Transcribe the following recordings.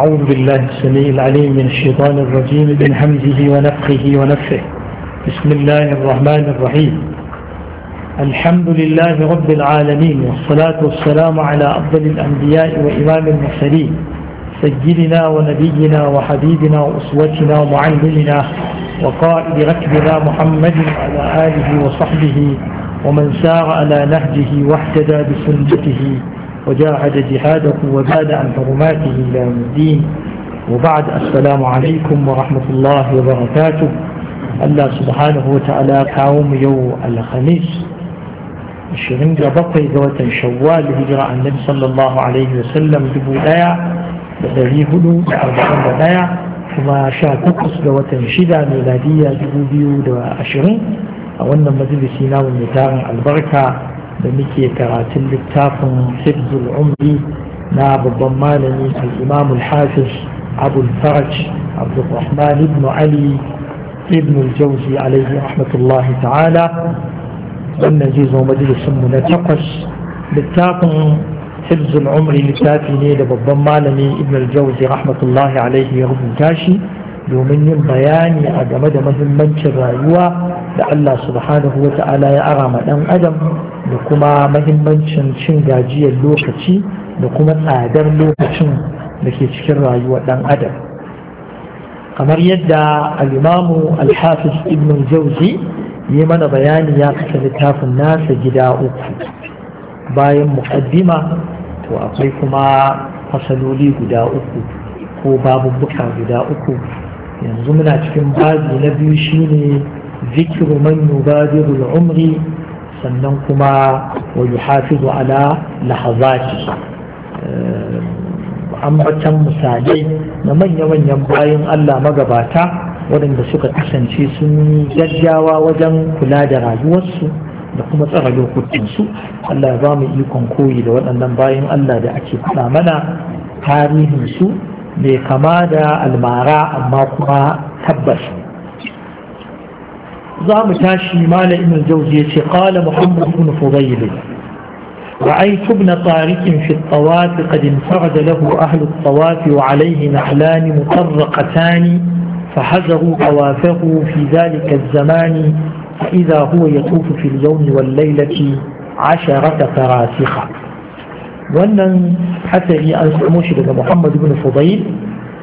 أعوذ بالله السميع العليم من الشيطان الرجيم من حمزه ونفخه ونفه بسم الله الرحمن الرحيم الحمد لله رب العالمين والصلاة والسلام على أفضل الأنبياء وإمام المرسلين سيدنا ونبينا وحبيبنا وأسوتنا ومعلمنا وقائد ركبنا محمد وعلى آله وصحبه ومن سار على نهجه واحتدى بسنته وجاهد جهاده وزاد عن حرماته إلى الدين وبعد السلام عليكم ورحمة الله وبركاته الله سبحانه وتعالى كاوم يو الخميس الشرين بقي ذوة شوال هجرة النبي صلى الله عليه وسلم دبو دايا بدري هدو أربعين دايا ثم شاء تقص ذوات شدة ميلادية دبو بيو دا أشرين أولا مدلسينا والنتاغ البركة da muke karatun littafin hibzul umri na babban malami al-imam al-hafiz abu al ibn ali ibn al-jawzi alaihi ta'ala wannan zai zo majalisin mu na takwas littafin hibzul umri littafi ne da babban malami ibn al-jawzi rahmatullahi alaihi ya rubuta shi domin yin bayani a game da mahimmancin rayuwa da Allah subhanahu wa ta'ala ya ara ma dan adam da kuma mahimmancin cin gajiyar lokaci da kuma tsadar lokacin da ke cikin rayuwar ɗan adam kamar yadda al'imamu alhafis ibn jauzi yi mana bayani ya kasa littafin nasa gida uku bayan muƙaddima to akwai kuma fasaloli guda uku ko babubuka guda uku yanzu muna cikin babi na biyu shine zikiru man yubadiru al-umri sannan kuma wa hafizu ala lahazati eh, ambatan misalai na manya-manyan bayan Allah magabata waɗanda suka kasance sun gaggawa wajen kula da rayuwarsu da kuma tsara lokutansu Allah ya ba mu ikon koyi da waɗannan bayan Allah da ake faɗa mana tarihinsu mai kama da almara amma kuma tabbas زام تاشي مال ابن الجوزية قال محمد بن فضيل رأيت ابن طارق في الطواف قد انفرد له أهل الطواف وعليه نحلان مطرقتان فحزروا طوافه في ذلك الزمان فإذا هو يطوف في اليوم والليلة عشرة فراسخة وأن حتى an samu محمد بن فضيل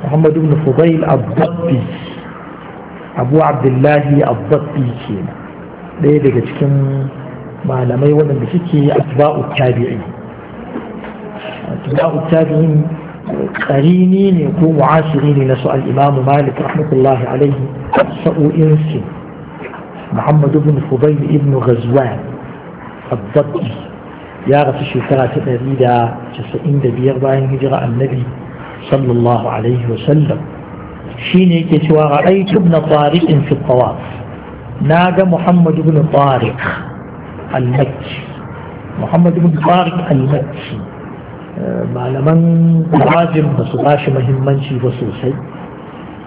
محمد بن فضيل الضبي abu abdullahi abdabbi ke ɗaya daga cikin malamai waɗanda suke asba'u tabi'in tabi'in ƙarini ne ko mu'ashiri ne na al imamu malik rahmatullah alaihi sa'o'in su muhammad ibn ibn ghazwan abdabbi ya rasu shekara ta ɗari da casa'in da biyar bayan hijira annabi sallallahu alaihi wa sallam shine yake cewa ra'aytu ibn tariq fi tawaf na ga muhammad ibn tariq al-makki muhammad ibn tariq al-makki eh, malaman tawafin ba su bashi muhimmanci ba sosai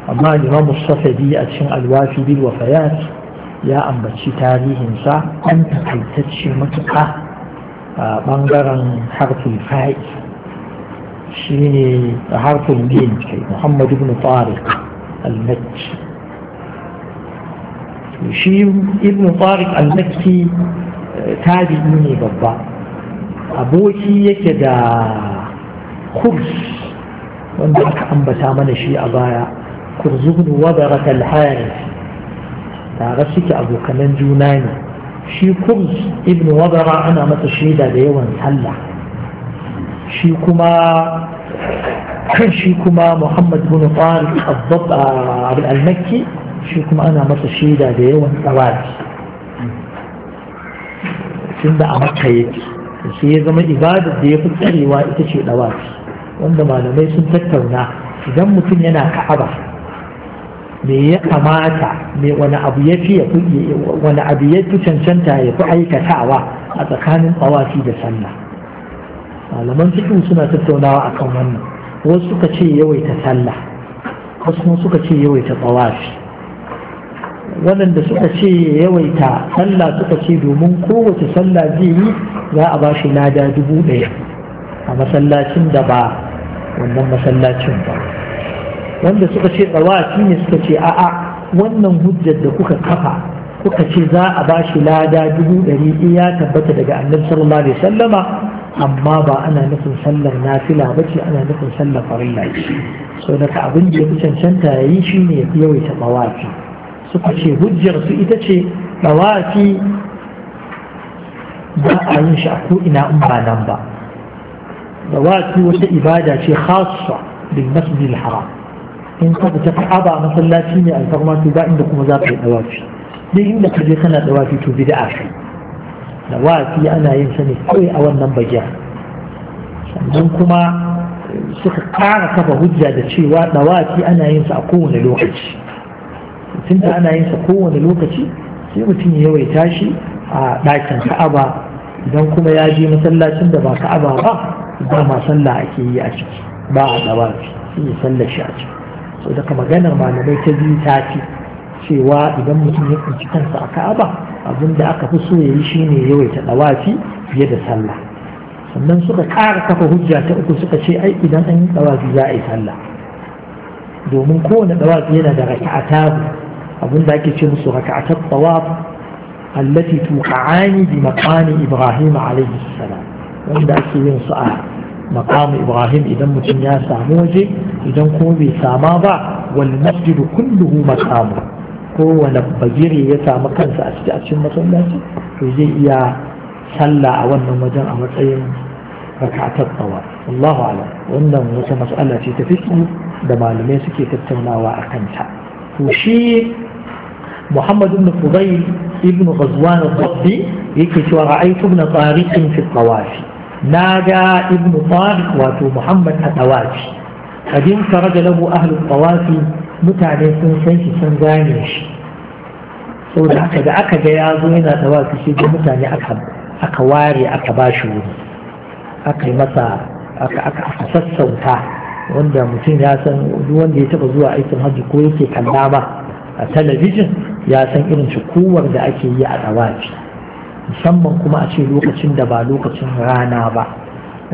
amma imam safabi a cikin alwafi bil wafayat ya ambaci tarihinsa an takaitacce matuka a ɓangaren harfin fa'i شيني حرف الميم محمد بن طارق المكي يشير ابن طارق المكي تاج بن بابا أبوه يكدا خرس وانبعك أن بسامن شيء أبايا خرز بن وبرة الحارث تغسك أبو كمان جوناني شي خرز ابن وبرة أنا متشهيدة ديوان سلح shi kuma kan shi kuma muhammad bin tariq al-makki shi kuma ana masa shaida da yawan tsawaki Tunda a makka yake shi ya zama ibadar da ya fi tsarewa ita ce dawaki wanda malamai sun tattauna idan mutum yana ka'aba me ya kamata me wani abu ya fi wani abu ya fi cancanta ya fi aikatawa a tsakanin tsawafi da sallah malaman fiƙi suna tattaunawa a kan wannan wasu suka ce yawaita sallah wasu suka ce yawaita tsawafi waɗanda suka ce yawaita sallah suka ce domin kowace sallah zai yi za a ba shi lada dubu ɗaya a masallacin da ba wannan masallacin ba wanda suka ce tsawafi ne suka ce a'a wannan hujjar da kuka kafa kuka ce za a ba shi lada dubu ɗari ya tabbata daga annabi sallallahu alaihi sallama amma ba ana nufin sallar nafila ba ce ana nufin sallar farin ce so da ka abin da ya fi cancanta ya yi shi ne ya fi yawaita ɗawafi suka ce hujjar su ita ce ɗawafi ba a yin shi a ko'ina in ba nan ba ɗawafi wata ibada ce khasa bil masjidil haram in ka fita ka'aba masallaci ne alfarma to ba inda kuma za ka yi ɗawafi duk inda ka je kana ɗawafi to bid'a kai dawafi ana yin sa ne kawai a wannan bagiya sannan kuma suka kara kafa hujja da cewa dawafi ana yin sa a kowane lokaci Mutum da ana yin sa kowane lokaci sai mutum ya yawaita shi a ɗakin ka'aba idan kuma ya je masallacin da ba ka'aba ba ba ma sallah ake yi a ciki ba a dawafi sai ya sallar shi a ciki so daga maganar malamai ta biyu ta ce cewa idan mutum ya kunci kansa a ka'aba da aka fi so ya shi shine yawaita dawafi fiye da sallah sannan suka ƙara kafa hujja ta uku suka ce ai idan an yi dawafi za a yi sallah domin kowane dawafi yana da abin da ake ce musu raka'atat tawaf allati tuqa'ani bi maqami ibrahim alayhi salam wanda ake yin su a Ibrahim mutum ya samu waje, idan ساموجي bai كون ba با والمسجد kulluhu مقامه kowane bagiri ya samu kansa a cikin acikin masallaci to zai iya sallah a wannan wajen a matsayin rakatar tsawa Allahu alam wannan wata mas'ala ce ta fiƙi da malamai suke tattaunawa a kanta to shi Muhammad ibn Fudayl ibn Ghazwan al-Dabbi yake cewa ra'aytu ibn Tariq fi tawafi naga ibn Tariq wato Muhammad a tawafi قد انفرد له أهل الطواف mutane sun san shi sun gane shi saboda da aka ga ya zo yana da wasu shi da mutane aka ware aka ba shi wuri aka yi masa aka sassauta wanda mutum ya san wanda ya taba zuwa aikin hajji ko yake kalla ba a talabijin ya san irin cikuwar da ake yi a tsawaci musamman kuma a ce lokacin da ba lokacin rana ba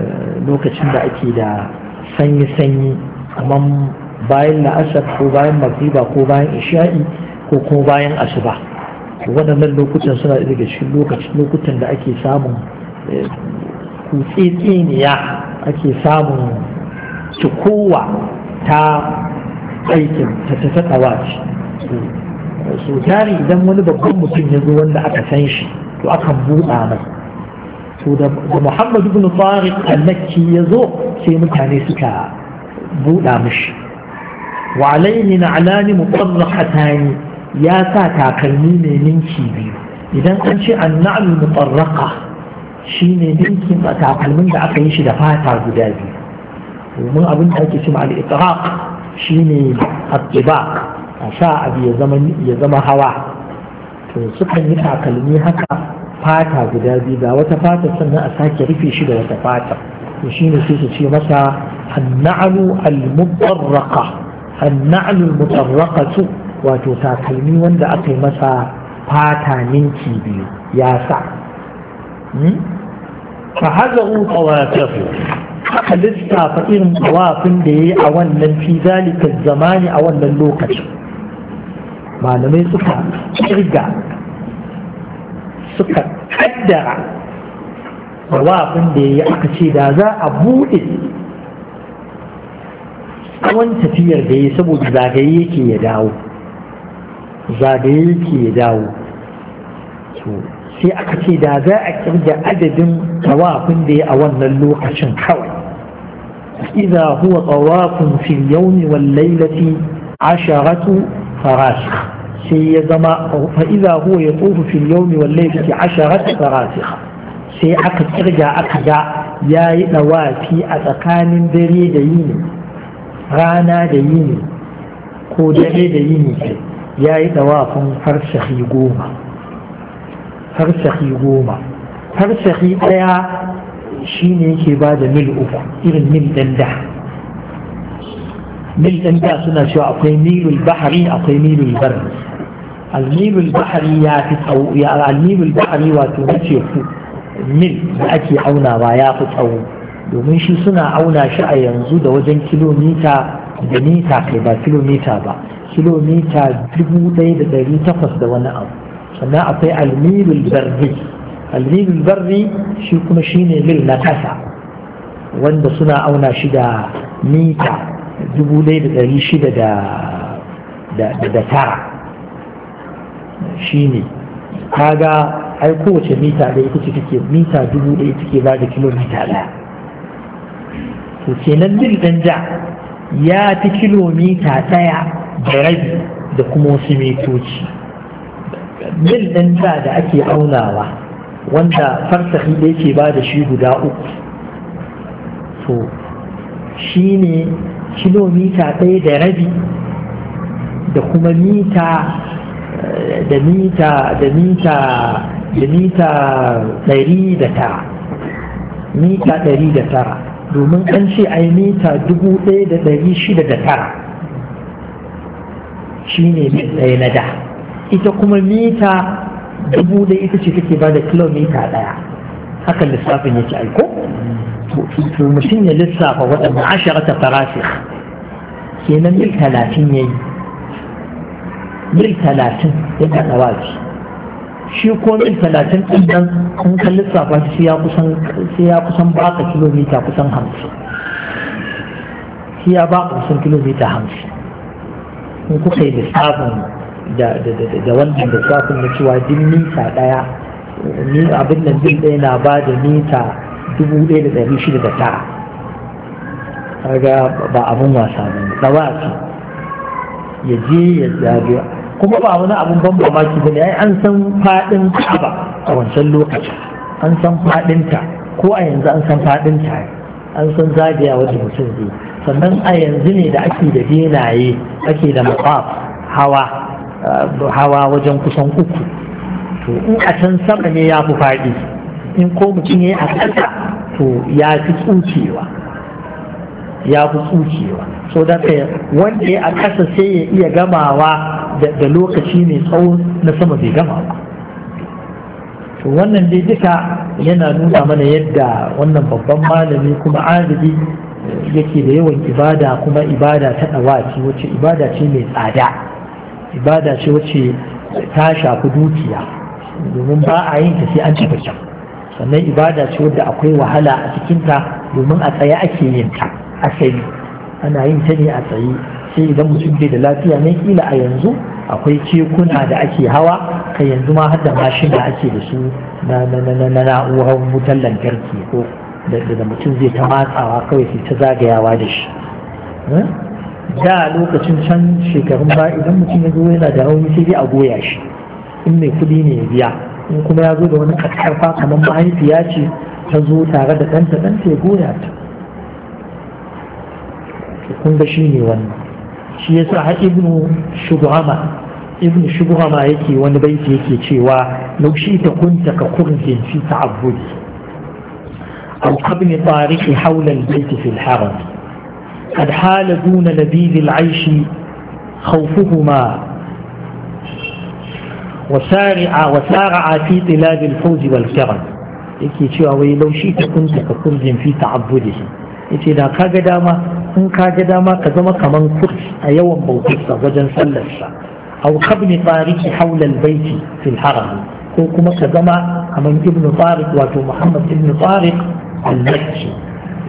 eh, lokacin da ake da sanyi-sanyi kamar bayan la'asar ko bayan magriba ko bayan isha'i ko kuma bayan asuba waɗannan lokutan suna daga cikin lokacin lokutan da ake samun eh, kutsitsiniya ake samun cikowa ta aikin ta tafi tsawaci so tari idan wani babban mutum ya zo wanda aka san shi to akan buɗa mai to da muhammadu bin tsarik al ya zo sai mutane suka buɗa mishi wa alaihi na'lani mutarraqatani ya sa takalmi mai ninki biyu idan an ce annal shi ne ninkin takalmin da aka yi shi da fata guda biyu domin abin da ake cima al-itraq shine a sa abu ya zama hawa to sukan yi takalmi haka fata guda biyu ga wata fata sannan a sake rufe shi da wata fata to shine sai su ce masa anna'lu al-mutarraqa annalul mutarraqatu wato takalmi wanda aka yi masa fata ninki biyu ya sa fa hazaru tawafahu aka lissafa irin tawafin da yayi a wannan fi zalika zamani a wannan lokacin malamai suka kirga suka kaddara tawafin da yayi aka ce da za a buɗe. tsawon tafiyar da ya saboda zagaye yake ya dawo zagaye yake ya dawo sai aka ce da za a kirga adadin tawafin da ya a wannan lokacin kawai إذا هو ya في اليوم والليلة عشرة فراسخ سيزما فإذا هو يطوف في aka والليلة عشرة فراسخ سيعقد إرجع أقجع يا نواتي أتقان دريدين rana da yini ko dare da yini ce ya yi dawafin farshahi goma farshahi goma farshahi ɗaya shi ne yake ba da mil uku irin mil ɗan mil ɗan suna cewa akwai milul bahari akwai milul barri almilul bahari ya fi tsawo almilul bahari wato na teku mil da ake auna ba ya fi tsawo domin shi suna auna shi a yanzu da wajen kilomita da mita kai ba kilomita ba kilomita dubu ɗaya da ɗari takwas da wani abu sannan akwai almirul barri almirul barri shi kuma shi ne mil na kasa wanda suna auna shi da mita dubu ɗaya da ɗari shida da tara shi ne kaga ai kowace mita ɗaya ita ce take mita dubu ɗaya take ba da kilomita ɗaya to kenan mil ɗan ja ya fi kilomita ɗaya da rabi da kuma wasu mitoci mil ɗan ja da ake aunawa wanda farsahi da yake ba da shi guda uku to shi ne kilomita ɗaya da rabi da kuma mita da mita da mita da mita ɗari da tara mita ɗari da tara domin an ce a yi mita dubu ɗaya da ɗari shida da tara shi ne ɗaya na da ita kuma mita dubu ɗaya ita ce take ba da kilomita ɗaya hakan lissafin yake aiko to mutum ya lissafa waɗanda asharata farasi kenan mil talatin ya yi mil talatin ya ɗaɗa wafi shi ko min talatin ɗin nan in ka lissafa shi sai ya kusan baka kilomita kusan hamsin sai ya baka kusan kilomita hamsin in kuka yi lissafin da wannan lissafin na cewa duk mita ɗaya abin nan din ɗaya na ba da mita dubu ɗaya da ɗari shida da tara kaga ba abin wasa ne ɗawa ce ya je ya zabi kuma ba wani abun ban mamaki bane ai an san fadin Ka'aba a wancan lokaci an san fadin ta ko a yanzu an san fadin ta an san zagaya wanda mutum zai sannan a yanzu ne da ake da benaye ake da maqaf hawa eh, hawa wajen kusan uku to in a can sama ne ya fi faɗi in ko mutum ya yi a ƙasa to ya fi tsukewa ya fi tsukewa so da wanda ya a ƙasa sai ya iya gamawa da lokaci mai tsawo na sama bai gama ba to wannan dai duka yana nuna mana yadda wannan babban malami kuma adadi yake da yawan ibada kuma ibada ta ɗawaci wacce ibada ce mai tsada ibada ce wacce ta shafi dukiya domin ba a yin ta sai an tafi can sannan ibada ce wadda akwai wahala a cikinta domin a tsaye ake yin ta asali ana yin ta ne a tsaye sai idan mutum bai da lafiya ne kila a yanzu akwai kekuna da ake hawa kai yanzu ma har da mashina ake da su na na'urar wutar lantarki ko da mutum zai ta matsawa kawai sai ta zagayawa da shi hmm? da lokacin can shekarun ba idan mutum ya zo yana da rauni sai dai a goya shi in mai kudi ne ya biya in kuma ya zo da wani karfa kamar mahaifiya ce ta zo tare da ɗanta ɗanta ya goya ta kun ga shi ne wannan shi ya sa ibnu shugama ibnu shugama yake wani baiti yake cewa laushi ta kunta ka kurzin fi ta'abbudi aw qabni tariqi hawla albayti fi alharam qad hala duna ladidi alayshi khawfuhuma wasari'a wasara'a fi tilab alfawz walkaram yake cewa wai laushi ta kunta ka kurzin fi ta'abbudi yace da ka ga dama in ka ga dama ka zama kaman kurs a yawan bautarsa wajen sallarsa aw kabni tsariki haula albayti fil haram ko kuma ka zama kaman ibnu tariq wato muhammad ibnu tariq al-makki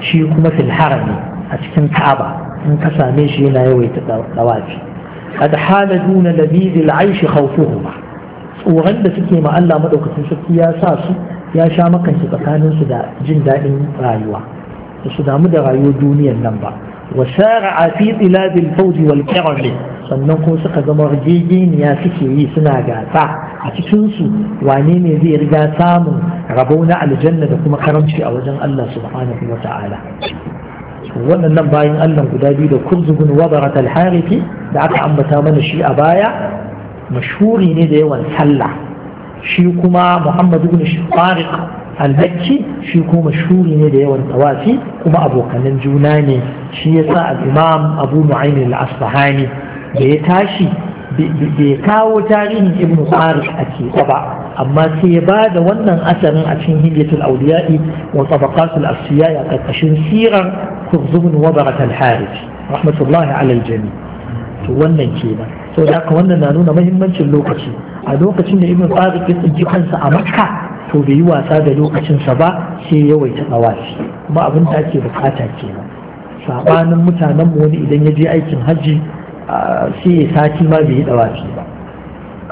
shi kuma fil ne a cikin ka'aba in ka same shi yana yawaita dawafi قد حال دون لذيذ العيش خوفهما tsoron da suke ma Allah maɗaukacin sarki ya sa su ya sha tsakanin su da jin daɗin rayuwa su damu da rayuwar duniyar nan ba wa sara'a fi tilabil wal kirami sannan kuma suka zama rigegeniya suke yi suna gasa a cikinsu wane ne zai riga samun rabo na aljanna da kuma karamci a wajen Allah subhanahu wa ta'ala waɗannan bayan Allah guda biyu da kurzugun wabarat al-harifi da aka ambata mana shi a baya mashhuri ne da yawan sallah shi kuma Muhammadu ibn Shiqariq al shi kuma shuri ne da yawan tawafi kuma abokanan juna ne shi yasa al-imam abu nu'aym al da ya tashi bai kawo tarihin ibn Faris a keɓe ba amma sai ya ba da wannan asarin a cikin hilyatul auliya'i wa tabaqatul asiya a karkashin sirar kurzubun wabarat al-harij rahmatullahi alal jami to wannan kenan saboda haka wannan na nuna muhimmancin lokaci a lokacin da ibn Faris ya tsinci kansa a makka to bai yi wasa da lokacinsa ba sai yawaita tsawafi kuma abin da ake bukata kenan sabanin mutanen mu wani idan ya je aikin hajji sai ya sati ma bai yi tsawafi ba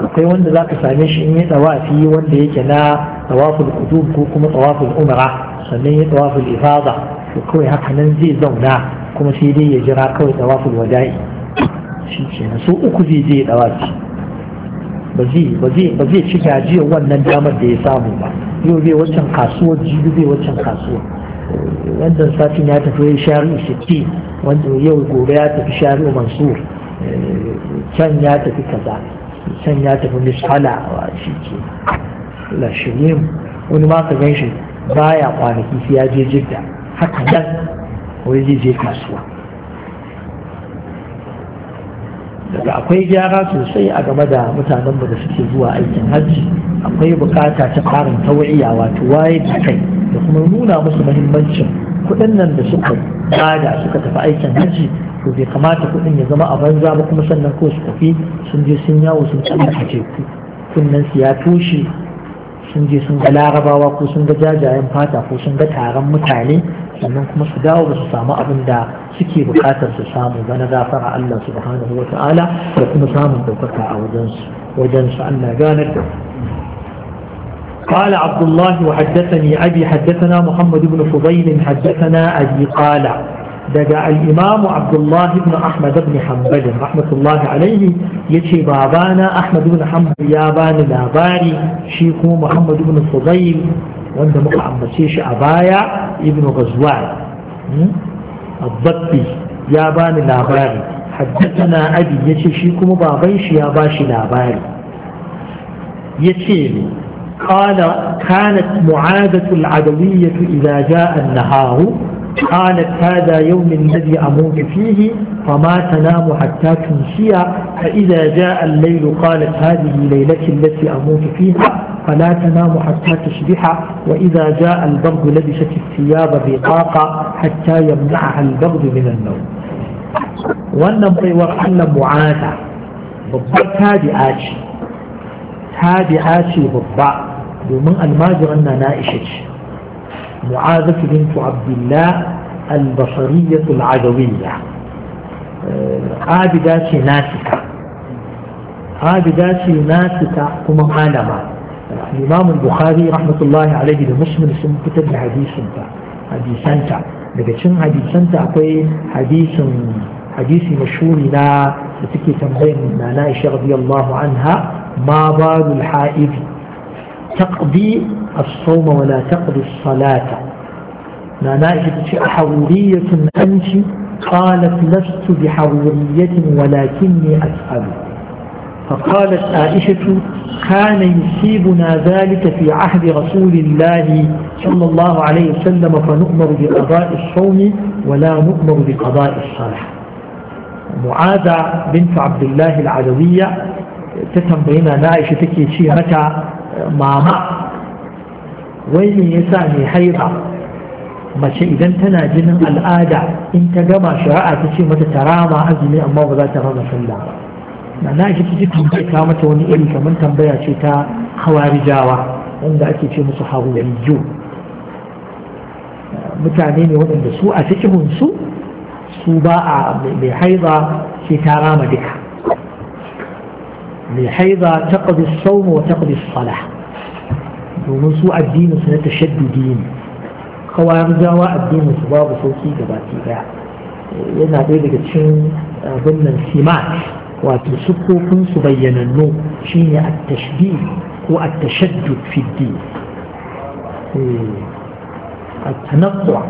akwai wanda za ka same shi in yi tsawafi wanda yake na tsawafin kudum ko kuma tsawafin umara sannan ya tsawafin ifada to kawai haka nan zai zauna kuma sai dai ya jira kawai tsawafin wada'i shi kenan so uku zai je ya tsawafi ba zai ci gajiyar wannan damar da ya samu ba yau bai wancan kasuwa, jibi bai wancan kasuwa. wannan satin ya tafi shari'u sitti wanda yau gobe ya tafi shari'u mansur can ya tafi kaza can ya tafi misala a shi ke lashirin wani ma ka gan shi baya kwanaki sai ya je jidda haka nan wani zai je kasuwa daga akwai gyara sosai a game da mutanen da suke zuwa aikin hajji akwai bukata ta karin tauriya wato waye da kai da kuma nuna musu mahimmancin kuɗin nan da suka bada suka tafi aikin hajji to bai kamata kuɗin ya zama a banza ba kuma sannan ko su tafi sun je sun yawo sun tsallaka teku kunnen su ya toshe sun je sun ga larabawa ko sun ga jajayen fata ko sun ga taron mutane sannan kuma su dawo ba su samu abin da suke bukatar su samu ba na gafara Allah subhanahu wa ta'ala da kuma samun daukaka a wajensu wajensu Allah ganar da قال عبد الله وحدثني أبي حدثنا محمد بن فضيل حدثنا أبي قال دقى الإمام عبد الله بن أحمد بن حنبل رحمة الله عليه يتي بابانا أحمد بن حنبل يابان لاباري شيخ محمد بن فضيل wanda muka ambace shi a baya الضبي ghazwan abbabi ya bani labari haddathana abi yace shi kuma baban shi ya bashi labari yace قال كانت معادة العدوية إذا جاء النهار قالت هذا يوم الذي أموت فيه فما تنام حتى تنسي فإذا جاء الليل قالت هذه ليلتي التي أموت فيها فلا تنام حتى تصبح وإذا جاء البرد لبست الثياب بطاقة حتى يمنعها البرد من النوم wannan baiwar Allah mu'ada babbar tabi'a ce tabi'a ce babba domin almajiran na na'isha ce mu'ada bintu abdullah albasariyatu al'adawiyya abida ce nasika abida ce nasika kuma malama الإمام البخاري رحمة الله عليه ده مسلم اسمه كتب حديث سنتا حديث سنتا لقد شن حديث سنتا أقوي حديث حديث مشهور لا ستكي تنبين من نائشة رضي الله عنها ما بال الحائض تقضي الصوم ولا تقضي الصلاة نائشة تشي أحورية أنت قالت لست بحورية ولكني أسأل فقالت عائشة كان يصيبنا ذلك في عهد رسول الله صلى الله عليه وسلم فنؤمر بقضاء الصوم ولا نؤمر بقضاء الصلاة معاذة بنت عبد الله العدوية تتم بين نائشة تكي شيء متى ماما وين يسعني حيضة ما شيء إذا jinin al'ada الآدع ta gama shari'a ta متى mata ta rama azumi amma ba na na shi kiji tambaye ta mata wani iri kamar tambaya ce ta jawa, wanda ake ce musu hawarijo mutane ne waɗanda su a cikin su su ba a mai haiza sai ta rama duka mai haiza ta ƙabi sauma ta ƙabi sala domin su addinin su na tashaddudi ne kawarijawa addinin su babu sauki gabaki ɗaya yana ɗaya daga cikin abin nan simat wato siffofin su bayyanannu shine at-tashbih ko at-tashaddud fi din eh, tsanantawa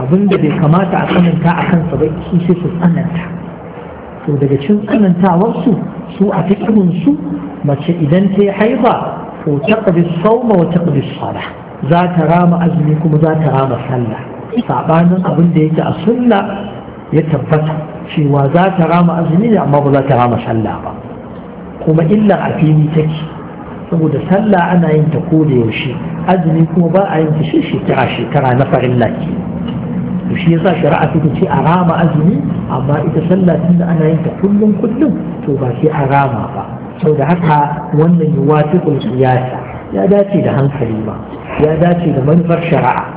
abinda bai kamata a tsananta a kansa ba shi sai su tsananta to daga cikin tsanantawarsu su a ta su mace idan ta yi haifa to taqdi sawma wa taqdi salah za ta rama azumi kuma za ta rama sallah sabanin abin da yake a sunna ya tabbata cewa za ta rama azumi ne amma ba za ta rama sallah ba kuma illa a fili take saboda sallah ana yin ta ko da yaushe azumi kuma ba a yin ta shi shekara shekara na farin laki to shi yasa shari'a take ce a rama azumi amma ita sallah tunda ana yin ta kullum kullum to ba sai a rama ba saboda haka wannan yuwafiqul siyasa ya dace da hankali ba ya dace da manufar shari'a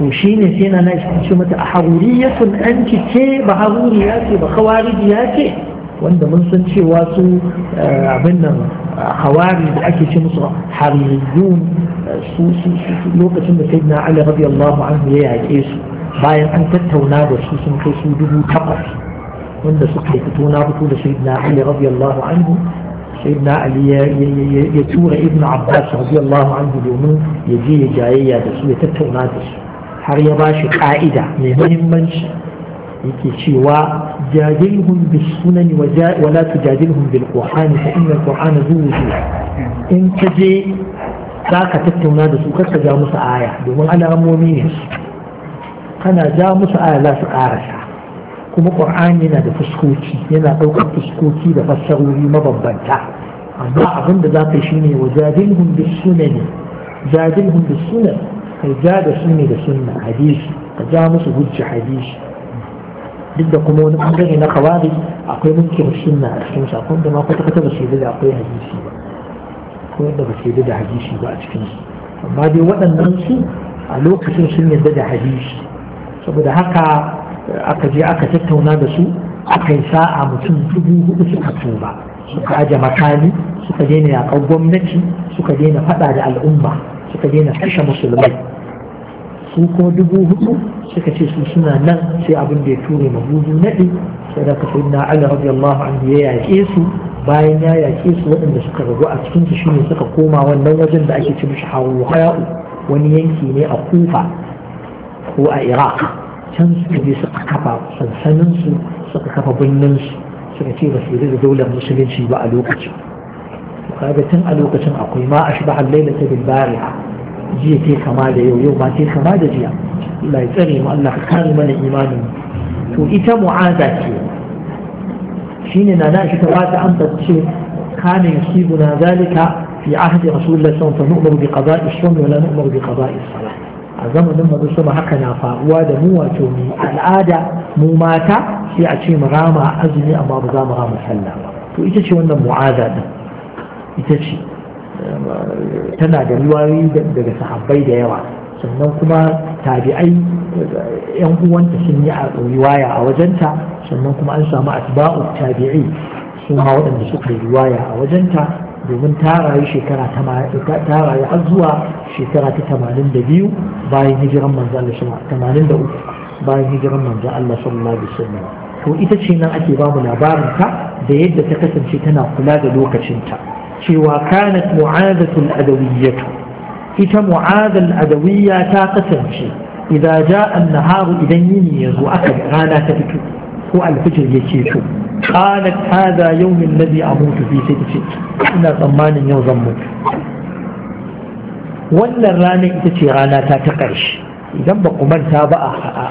وشين سينا ناس كنتمت أحرورية أنت كي بحروريات بخوارجيات وأنت من سنتي واسو عبنا خوارج أكي مصر حريريون لوقت سيدنا علي رضي الله عنه يعيش bayan an tattauna da su sun kai su dubu takwas wanda suka yi fito na fito da sayyidina ali radiyallahu anhu sayyidina ali ya tura ibn abbas radiyallahu anhu domin ya je ya jayayya da su ya tattauna da su har ya ba shi ƙa'ida mai muhimmanci yake cewa jadilhum bis sunani wa la tujadilhum bil qur'ani fa inna al qur'ana in ka je za ka tattauna da su kar ka ja musu aya domin alamomi ne kana ja musu aya za su karasa kuma qur'ani yana da fuskoki yana ɗaukar fuskoki da fassarori mabambanta amma abin da za ka yi ne wa jadilhum bis sunani jadilhum bis sunani kai ja da sunni da sunna hadisi ka ja musu hujja hadisi duk da kuma wani bangare na kawari akwai munkir sunna a cikin sa kuma ma kwata kwata ba su da akwai hadisi ba ko yadda ba su da hadisi ba a cikin su amma dai waɗannan su a lokacin sun yarda da hadisi saboda haka eh, aka je aka tattauna da su aka yi sa'a mutum dubu hudu suka tuba suka aje makami suka daina yaƙar gwamnati suka daina faɗa da al'umma suka daina kashe musulmai su kuma dubu hudu suka ce su suna nan sai abin da ya ture mabudu naɗi sai da ka sayi na ala radiyallahu anhu ya yaƙe su bayan ya yaƙe su waɗanda suka rabu a cikin su shine suka koma wannan wajen da ake ci mishi hawo haya'u wani yanki ne a kufa ko a iraq can suka je suka kafa sansaninsu suka kafa birninsu suka ce ba su da daular musulunci ba a lokacin kaga tun a lokacin akwai ma ashbaha al-lailata ta bariha jiya ke kama da yau yau ma ke kama da jiya Allah ya tsare mu Allah ka kare mana imanin to ita mu'aza ce shine na na shi ta wata amsa ce kana yusibuna zalika في عهد رسول الله صلى الله عليه وسلم فنؤمر بقضاء الصوم ولا نؤمر بقضاء الصلاة أظن mu بسمع حكا نافا وادا مو واتومي العادة مو ماتا في عشي مغامة أزمي أما To ita ce wannan شوانا معاذة ita ce tana da riwayoyi daga sahabbai da yawa sannan kuma tabi'ai yan uwanta sun yi a riwaya a wajenta sannan kuma an samu asba'u tabi'i su ma waɗanda suka yi riwaya a wajenta domin ta rayu shekara ta rayu har zuwa shekara ta tamanin da biyu bayan hijiran manzo Allah sallallahu tamanin da uku bayan hijiran manzo Allah sallallahu alaihi wasallam to ita ce nan ake ba mu labarin ta da yadda ta kasance tana kula da lokacinta cewa kanat mu'adatul adawiyyatu ita mu'adal adawiyya ta kasance idan ja naharu idan yini yazo aka rana ta fito ko alfijir ya ceto قالت هذا يوم الذي أموت فيه سيدتي ina tsammanin yau zan mutu wannan ranar ita ce rana ta ta ƙarshe idan ba manta ba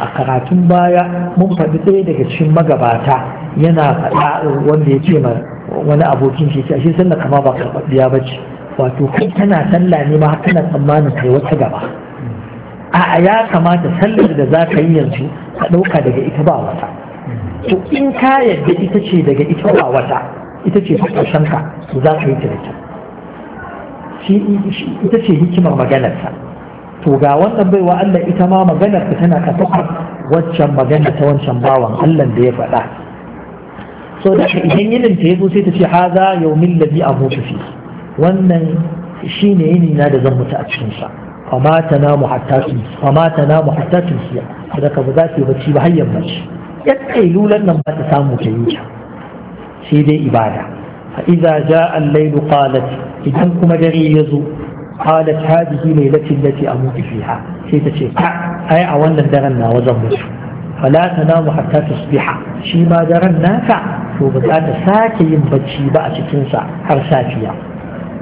a karatun baya mun faɗi ɗaya daga cikin magabata yana faɗa wanda ya ce mana wani abokin shi ashe sallar kama ba karɓaɓɓiya ba ce wato kai tana sallah ne ma kana tsammanin kai wata gaba a ya kamata sallar da za ka yi yanzu ka ɗauka daga ita ba wata to in ka yadda ita ce daga ita ba wata ita ce ta ƙarshen ka to za ka yi ta da kyau ita ce hikimar maganarsa to ga wannan baiwa Allah ita ma maganar tana kasar waccan magana ta wancan bawan Allah da ya faɗa so da idan yinin ta yazo sai ta ce haza yawmin ladhi amutu fi wannan shine yini na da zan mutu a cikin sa fama tanamu hatta tun fama tanamu hatta tun siya sadaka ba za ta yi bacci ba har yammaci yadda lulan nan ba ta samu ta yi ta. sai dai ibada fa idza jaa al-layl qalat idan kuma dare ya zo qalat hadhihi laylati allati amutu fiha sai ta ce ai a wannan daren na wajen mutu fala tanamu hatta tasbiha, shi ma daren naka to ba za ta sake yin bacci ba a cikin sa har safiya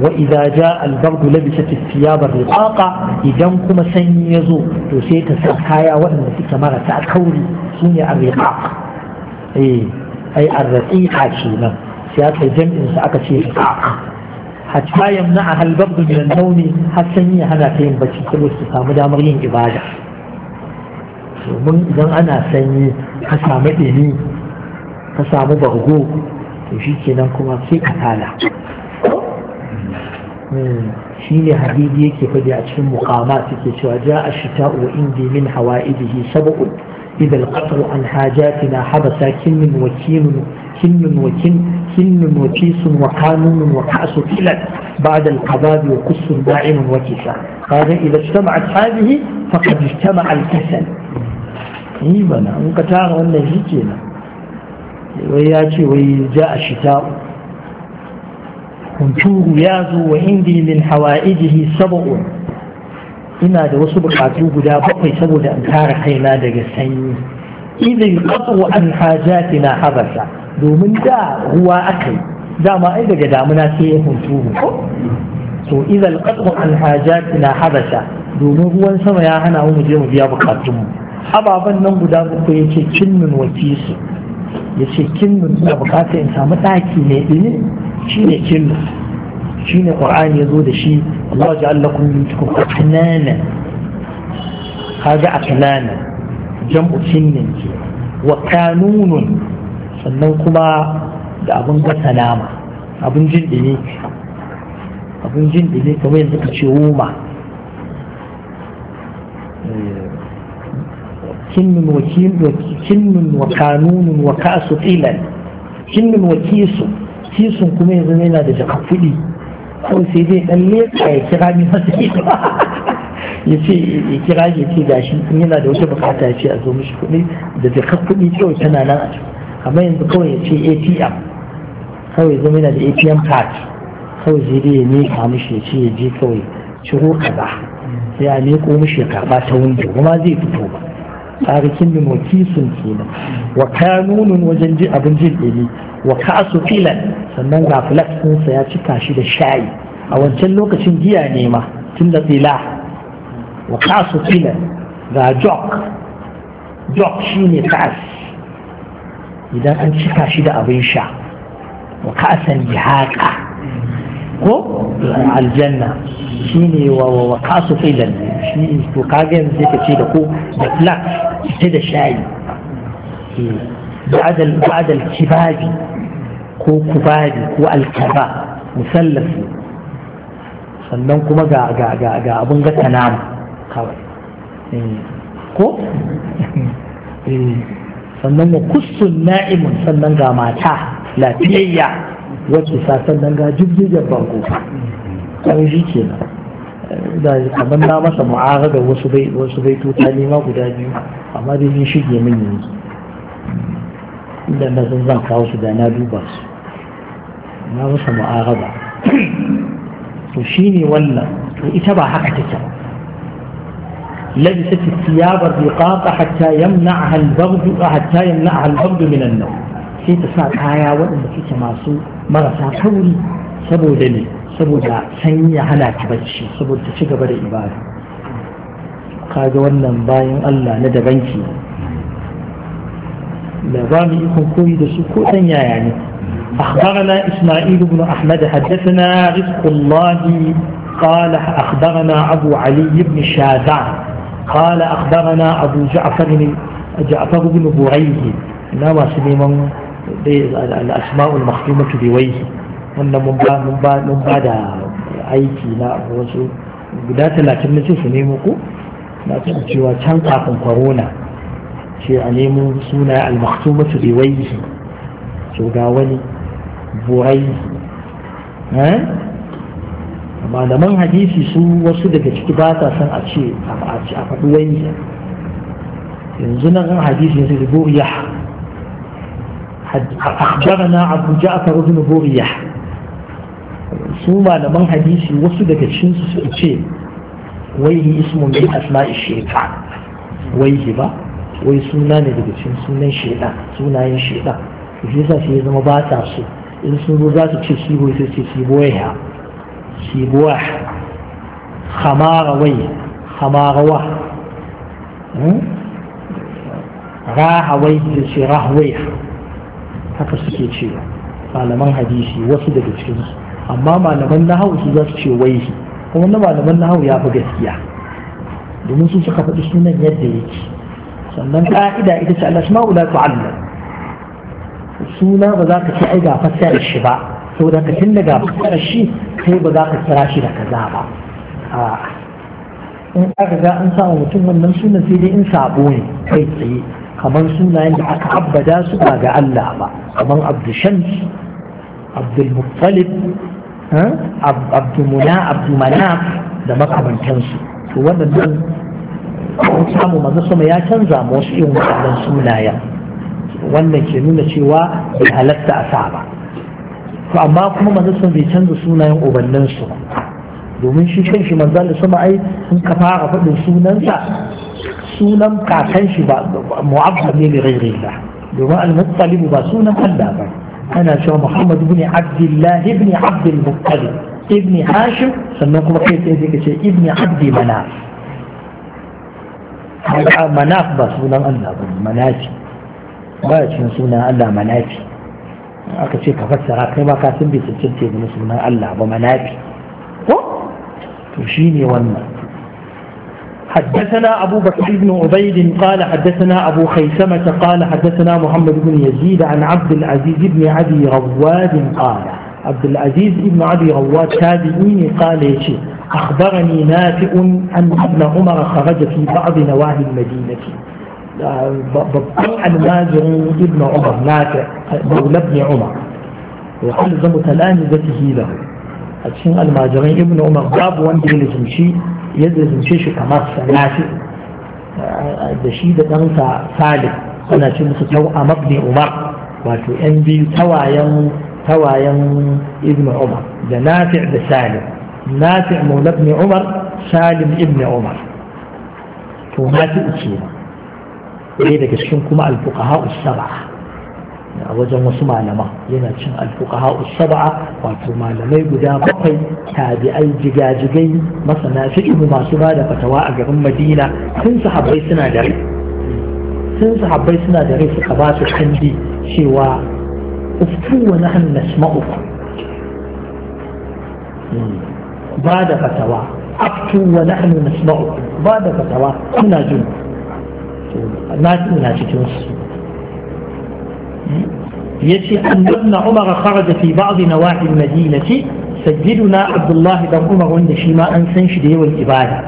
wa idza jaa al-bardu labisat thiyab ar-riqaqa idan kuma sanyi zo, to sai ta sa kaya waɗanda suke marasa kauri sune ar-riqaq eh ai ar kenan sai aka jam'in sa aka ce riqaq hatta yamna al-bardu min an har sanyi ya hana ta yin bacci saboda su kamu damar yin ibada domin idan ana sanyi ka samu ɗini ka samu bargo to shi kenan kuma sai ka tala shi ne hadidi yake fadi a cikin mukama suke cewa ja a shita wa indi min hawa'idihi sab'un إذا القطر عن حاجاتنا حبس كن wakin كن وكن wa وكيس وقانون وكأس كلا بعد القباب وكس داعم وكسا قال إذا اجتمعت هذه فقد اجتمع الكسل yi bana in ka tara wannan shi kenan wai ya ce wai ja a shita hunturu ya zo wa indi min hawa'ijihi saba'un ina da wasu bukatu guda bakwai saboda in kare kaina daga sanyi Idan idin qatwa an na habasa domin da ruwa akai dama ai daga damuna sai ya hunturu ko to idal qatwa an na habasa domin ruwan sama ya hana mu je mu biya bukatunmu ababen nan guda uku ya ce kinnun wakisu ya ce kinnun suna bukatar in samu ɗaki mai ɗini shi ne kinnun. shi ne ƙwar'ani ya zo da shi Allah ji Allah kun yi cikin a kanana kaga a kanana jam'u kinnun ke wa kanunun sannan kuma da abin gasa nama abin jin ɗini abin jin ɗini kamar yadda ka ce woma كن وكيل كن وقانون وكأس قيلا كن وكيس كيس كما يزمينا دجا كفلي ko sai dai dan leka ya kira ni masa ya ce ya kira ya ce shi in yana da wata bukata ya ce a zo mishi kuɗi da jaka kuɗi kawai tana nan a cikin amma yanzu kawai ya ce atm kawai zama yana da atm card kawai sai dai ya neka mishi ya ce ya je kawai ciro ba sai a neko mishi ya karɓa ta windo kuma zai fito ba tarikin min wakisun kenan wa kanunun wajen ji abin jin ɗini wa ka'asu filan sannan ga ɗinsa ya cika shi da shayi a wancan lokacin giya ne ma tun da tsila wa ka'asu filan ga jok jok shi ne ka'as idan an cika shi da abin sha wa ka'asan jihaƙa ko aljanna shi ne wa wa kasu filan shi to kage yanzu ka ce da ko da flak ita da shayi بعد بعد الكباب ko kubabi ko alkaba musallafi sannan kuma ga ga ga ga abin ga tanamu kawai eh, ko eh, sannan wa kussun na'imun sannan ga mata lafiyayya wacce sasan nan ga jibgiyar bango ƙarfi ke nan da kamar na masa mu'ara da wasu bai wasu bai tuta nema guda biyu amma dai ni shige min yanzu inda na san zan kawo su da na duba su na masa mu'ara ba to ne wannan to ita ba haka take ba لبست الثياب الرقاق حتى يمنعها البغض حتى يمنعها البغض من النوم sai ta sa kaya waɗanda suke masu marasa kauri saboda ne saboda san ya hana ta bacci saboda ci gaba da ibada kaga wannan bayan Allah na daban ki da ba mu ikon koyi da su ko ɗan yaya ne أخبرنا إسماعيل بن أحمد حدثنا رزق الله قال أخبرنا أبو علي بن شاذان قال أخبرنا أبو جعفر جعفر بن بريه نوى سليمان الأسماء المختومة بويه wannan mun ba da aiki na wasu guda talatin na ce su nemo ko na ta cewa can kafin corona ce a nemo suna al-makhtumatu bi wayhi to ga wani burai malaman hadisi su wasu daga ciki ba ta son a ce a faɗi yanzu na kan hadisi sai da أخبرنا عبد جعفر بن بوريح ثم لمن حديثي وصدك الشمس سؤتين ويه اسم من أسماء الشيطان ويه با wai suna ne daga sunan shaidan sunayen shaidan shi yasa sai ya zama ba ta so in sun zo za su ce sibo sai ce sai haka suke cewa malaman hadisi wasu daga cikinsu amma malaman nahawu su za su ce waihi kuma na malaman nahawu ya fi gaskiya domin su suka faɗi sunan yadda yake sannan ƙa'ida ita ce Allah sma'u la tu'allam suna ba za ka ce ai ga fassara shi ba saboda ka tun daga fassara shi kai ba za ka kira shi da kaza ba in aka ga an samu mutum wannan sunan sai dai in sabo ne kai tsaye kamar sunayen da aka abbada su ba ga Allah ba kamar abdushams abdulmuttalib abdumuna abdumana da makamantansu to waɗannan an samu maza sama ya canza ma wasu irin waɗannan sunayen wannan ke nuna cewa bai halatta a sa ba to amma kuma maza sama bai canza sunayen ubannansu ba domin shi kan shi manzan da sama ai in ka fara faɗin sunansa sunan kakan shi ba mu'abba ne da rai ba domin al-muttalibu ba sunan Allah ba ana cewa Muhammad ibn Abdullah ibn Abdul Muttalib ibn Hashim sannan kuma kai sai ka ce ibn Abdi Manaf Manaf ba sunan Allah ba Manafi ba ya cin sunan Allah Manafi aka ce ka fassara kai ma ka san bai cancanta ne sunan Allah ba Manafi تشيني ون حدثنا أبو بكر بن عبيد قال حدثنا أبو خيسمة قال حدثنا محمد بن يزيد عن عبد العزيز بن عدي غواد قال عبد العزيز بن عدي غواد تابعين قال يشي أخبرني نافع أن ابن عمر خرج في بعض نواهي المدينة عن almajirin ابن عمر نافع maula ابن عمر wa alzamu talani a cikin almajiran ibn umar babu wanda ya lizumci ya lizumce shi kamar sanafi da shi da ɗansa salim ana ce musu tau a mabni umar wato yan biyu tawayen tawayen ibn umar da nafi da salim nafi maula ibn umar salim ibn umar to nafi ce ne daga cikin kuma alfuqaha us sab'a a wajen wasu malama yana cin alfuka alfuqaha usaba'a wato malamai guda bakwai tabi'ai jigajigai masana fiqh masu ba da fatawa a garin Madina sun sahabbai suna da rai sun sahabbai suna da rai suka ba su kandi cewa uftu wa nahnu nasma'u hmm. ba da fatawa aftu wa nahnu nasma'u ba da fatawa kuna jin na cikin su يشي أن ابن عمر خرج في بعض نواحي المدينة سجدنا عبد الله بن عمر عند شيما أن سنشده والإبادة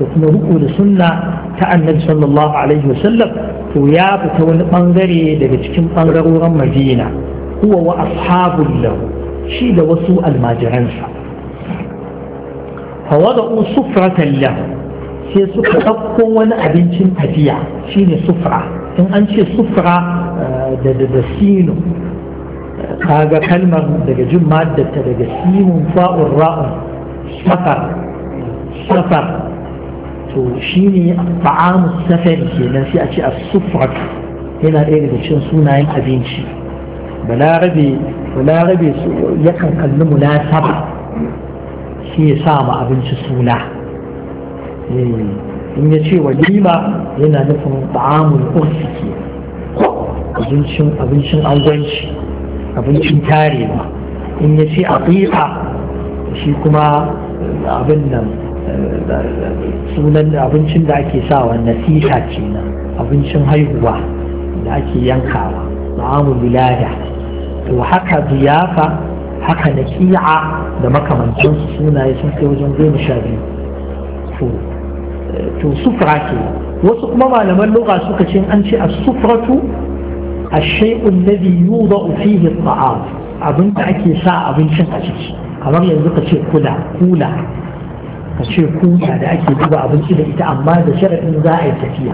لكن ركو لسنة النبي صلى الله عليه وسلم ويا بتون بانغري لبتكم بانغرورا مدينة هو وأصحاب له شيد وسوء الماجرنسا فوضعوا صفرة له sai suka ɗauko wani abincin tafiya shine sufra in an ce sufra da sinu kaga kalmar daga jin maddarta daga simun fa'un ra'un safar safar to shi ne ba'amu safari kenan sai a ce a sufrak yana ɗaya daga cin sunayen abinci balarabe balarabe yakan kalli munasaba shi ya sa ma abinci suna eh, in ya ce walima yana nufin ta'amun urfi kenan abincin abincin abincin tarewa in ya ce aqiqa shi kuma eh, abin nan eh, sunan abincin da ake sawa ce na abincin haihuwa da ake yankawa ma'amu bilada to haka ziyafa haka na ki'a da makamancin sunaye sun kai wajen goma sha biyu to eh, sufra ke wasu kuma malaman loka suka ce an ce a sufratu الشيء الذي يوضع فيه الطعام أظن تأكي ساعة أظن شهر أمر يزيق شيء كلا كلا شيء كلا هذا أكي دبا أظن شيء لإتاء ما هذا شرع نزاع الكفية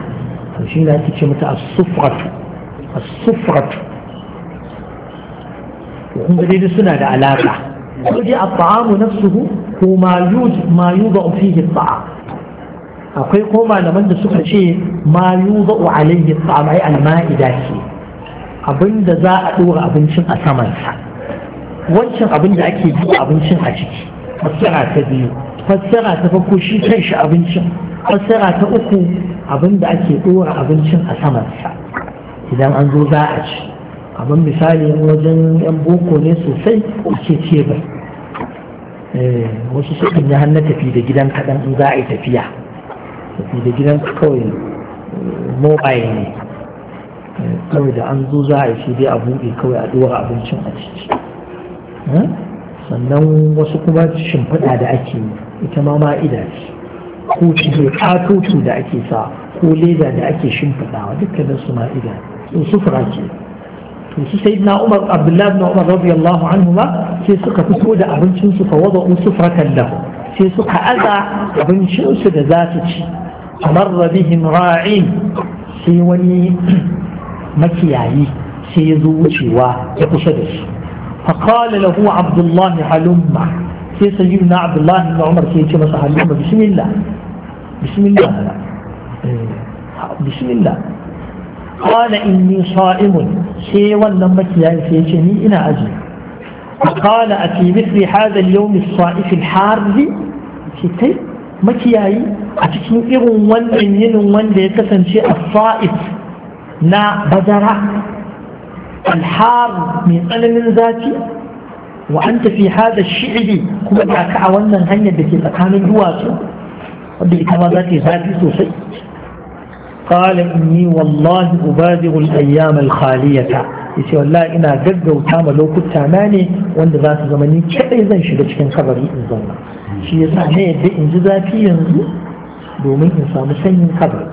لا تكشي متى الصفرة الصفرة وهم بدين السنة على علاقة الطعام نفسه هو ما يوضع ما يوضع فيه الطعام أقول قوما لمن دسوك شيء ما يوضع عليه الطعام أي المائدة فيه abin da za a ɗora abincin a samansa wancan abin da ake zuwa abincin a ciki fassara ta biyu fassara ta farko shi shi abincin fassara ta uku abin da ake ɗora abincin a samansa idan an zo za a ci abin misali wajen yan boko ne sosai ko ce bai wasu sukan yi hannu tafi da gidan kaɗan in za a yi tafiya tafi da gidan kawai eh, mobile ne kawai da an zo za a yi sai dai a buɗe kawai a ɗora abincin a ciki hmm? sannan wasu kuma shimfiɗa da ake yi ita ma ma'ida ce ko cike ƙatoto da ake sa ko leda da ake shimfiɗawa dukkanin su ma'ida su sufura ke to su sai na umar abdullahi na umar radiyallahu anhu ma sai suka fito da abincinsu fa wada sufura kallahu sai suka aza abincinsu da za su ci kamar rabihim ra'in sai wani makiyayi sai ya zo wucewa فقال له عبد الله هلم في سيدنا عبد الله بن عمر في بسم الله بسم الله بسم الله قال اني صائم سي ولمك يا سيدي انا اجي فقال اتي مثل هذا اليوم الصائف الحار لي كي مكياي اتي كي وان ان وان ليتسن شيء الصائف نا بدرة الحار من ألم ذاتي وأنت في هذا الشعب كما كعوانا هنيا بك مكان الجواس ربي كما ذاتي ذاتي سوسي قال إني والله أبادغ الأيام الخالية يسي والله إنا قد وتام لو كنت تاماني وأن ذات زمني كيف إذن شبك كان خبري إن ظن شيء ثاني بإن ذاتي ينزل دومين إنسان سنين خبري